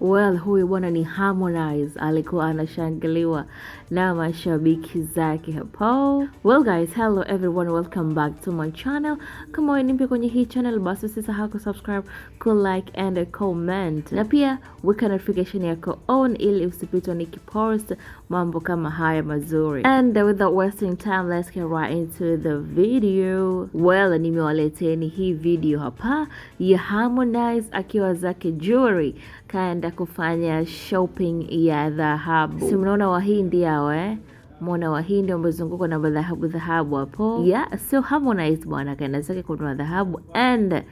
Well, huyu bwana ni Harmonize alikuwa anashangiliwa na mashabiki zake hapo. Well guys, hello everyone, welcome back to my channel. Kama wewe ni mpya kwenye hii channel, basi usisahau ku subscribe, ku like and a comment, na pia weka notification yako on ili usipitwe nikipost mambo kama haya mazuri. And without wasting time, let's get right into the video. Well, nimewaleteni hii video hapa ya Harmonize akiwa zake jewelry kaenda kufanya shopping ya dhahabu. Si mnaona wahindi hao sawa eh? Mona Wahindi wamezungukwa na madhahabu dhahabu hapo, yeah, sio Harmonize bwana, kaenda zake kununua dhahabu and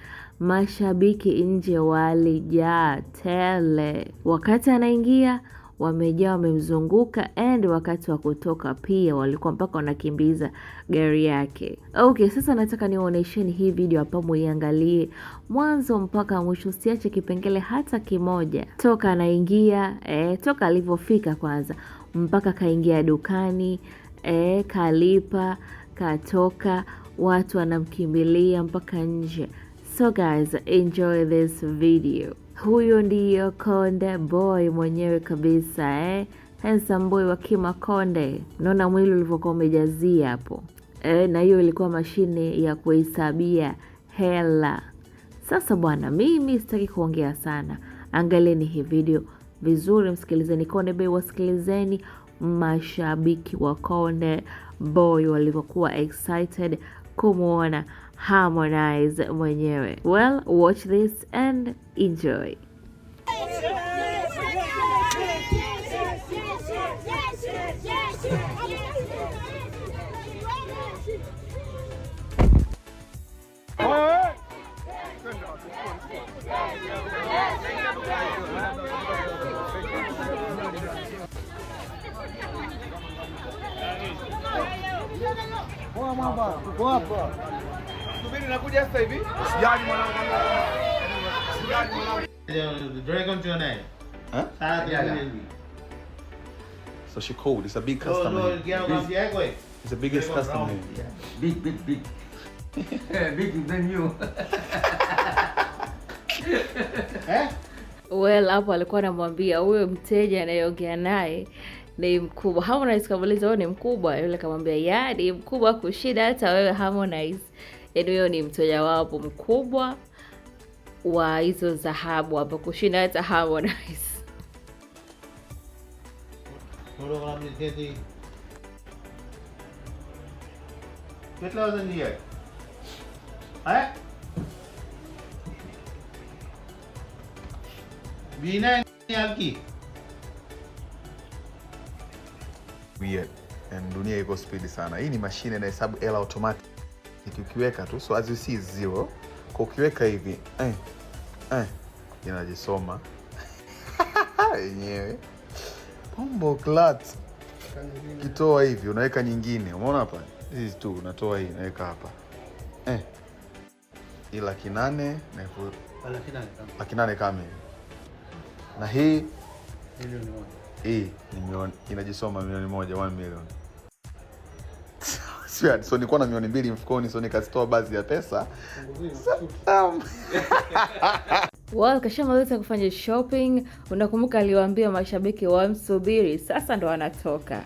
mashabiki nje walijaa tele wakati anaingia wamejaa wamemzunguka and wakati wa kutoka pia walikuwa mpaka wanakimbiza gari yake. Okay, sasa nataka niwaonesheni hii video hapa, muiangalie mwanzo mpaka mwisho, siache kipengele hata kimoja, toka anaingia eh, toka alivyofika kwanza mpaka kaingia dukani eh, kalipa, katoka, watu wanamkimbilia mpaka nje. So guys, enjoy this video. Huyo ndiyo Konde Boy mwenyewe kabisa eh? Handsome boy wa Kima Konde, naona mwili ulivyokuwa umejazia hapo eh, na hiyo ilikuwa mashine ya kuhesabia hela. Sasa bwana, mimi sitaki kuongea sana, angalieni hii video vizuri, msikilizeni Konde Boy, wasikilizeni mashabiki wa Konde Boy walivyokuwa excited kumwona Harmonize mwenyewe. Well, watch this and enjoy. Boa, Mamba. Boa, boa. mimi sasa hivi. mwanangu. mwanangu. Dragon to your name. So she called. It's a big customer. no, It's the biggest customer. Yeah. Big, big, big. Eh, big than you. Eh? Well, hapo alikuwa anamwambia huyo mteja anayeongea naye ni mkubwa. Harmonize kamuuliza wewe ni mkubwa? Yule kamwambia, ni mkubwa kushida hata wewe Harmonize yaani huyo ni mteja wapo mkubwa wa hizo dhahabu hapo kushinda hata Harmonize. dunia iko spidi sana. Hii ni mashine inahesabu hela automatic kitu ukiweka tu, so as you see zero. Kwa ukiweka hivi eh, eh, inajisoma yenyewe pombo clat. kitoa hivi unaweka nyingine, umeona hapa, hizi tu unatoa hii unaweka hapa eh, hii laki nane na elfu ah, laki nane kamili, na hii hii ni milioni, inajisoma milioni moja, one million Swear, so nilikuwa na milioni mbili mfukoni, so nikazitoa baadhi ya pesa Well, kashamaliza kufanya shopping. Unakumbuka aliwaambia mashabiki wamsubiri, sasa ndo anatoka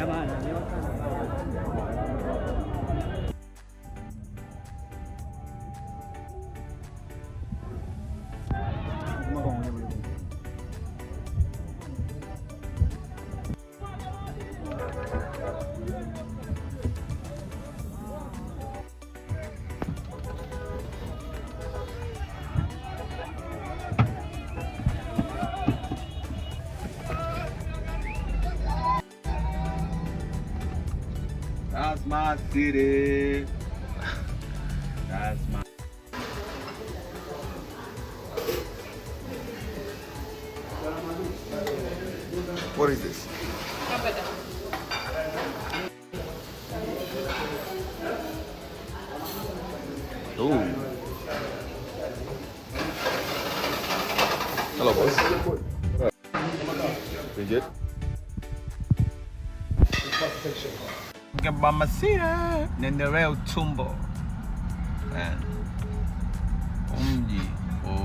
ยอะมากนะ my city. That's my. What is this? Oh. Hello, boss. Bridget. It's Mamasia nendelea utumbo eh. Umji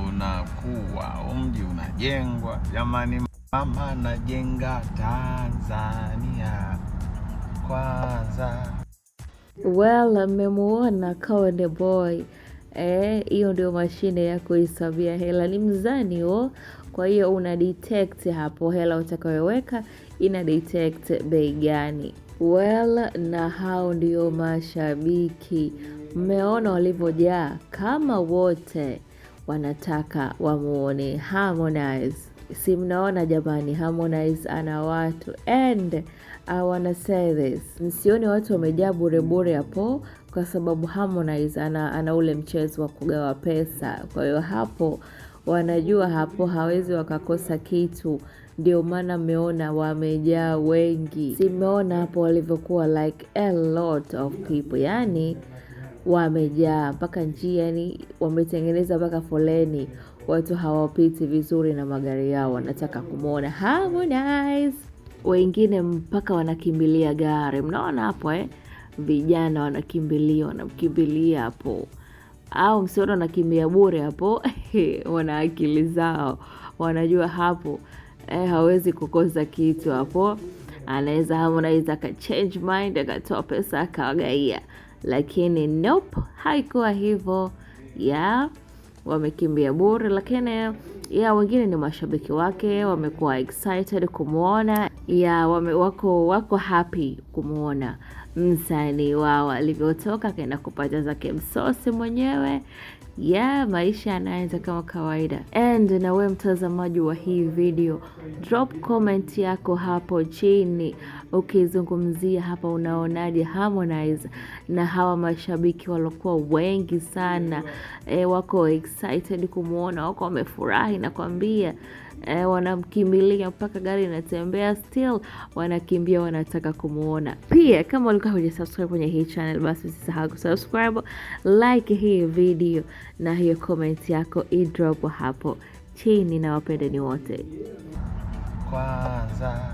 unakuwa, umji unajengwa. Jamani, mama najenga Tanzania kwanza. Well, amemuona Konde Boy eh, hiyo eh, ndio mashine ya kuhesabia hela, ni mzani huo. Kwa hiyo una detect hapo hela utakayoweka ina detect bei gani. Well, na hao ndio mashabiki, mmeona walivyojaa, kama wote wanataka wamuone Harmonize. Si mnaona jamani, Harmonize ana watu and I wanna say this, msione watu wamejaa burebure hapo, kwa sababu Harmonize ana, ana ule mchezo wa kugawa pesa, kwa hiyo hapo wanajua hapo hawezi wakakosa kitu. Ndio maana mmeona wamejaa wengi, simeona hapo walivyokuwa like a lot of people, yani wamejaa mpaka njia, yani wametengeneza mpaka foleni, watu hawapiti vizuri na magari yao, wanataka kumwona Harmonize. Wengine mpaka wanakimbilia gari, mnaona hapo eh? Vijana wanakimbilia wanamkimbilia hapo, au msiona wanakimbia bure hapo wake wana akili zao, wanajua hapo eh, hawezi kukosa kitu hapo. Anaweza Harmonize aka change mind akatoa pesa akawagaia, lakini nope, haikuwa hivyo ya yeah, wamekimbia bure. Lakini ya yeah, wengine ni mashabiki wake wamekuwa excited kumwona yeah, wame, wako wako happy kumwona msanii wao alivyotoka akaenda kupata zake msosi mwenyewe ya yeah, maisha yanaanza kama kawaida. And na wewe mtazamaji wa hii video, drop comment yako hapo chini ukizungumzia hapa, unaonaje Harmonize na hawa mashabiki waliokuwa wengi sana e, wako excited kumwona, wako wamefurahi, nakwambia eh, wanamkimbilia mpaka gari inatembea, still wanakimbia, wanataka kumuona. Pia kama ulikuwa hujasubscribe kwenye hii channel, basi usisahau kusubscribe, like hii video na hiyo comment yako idrop hapo chini, na wapendeni wote kwanza.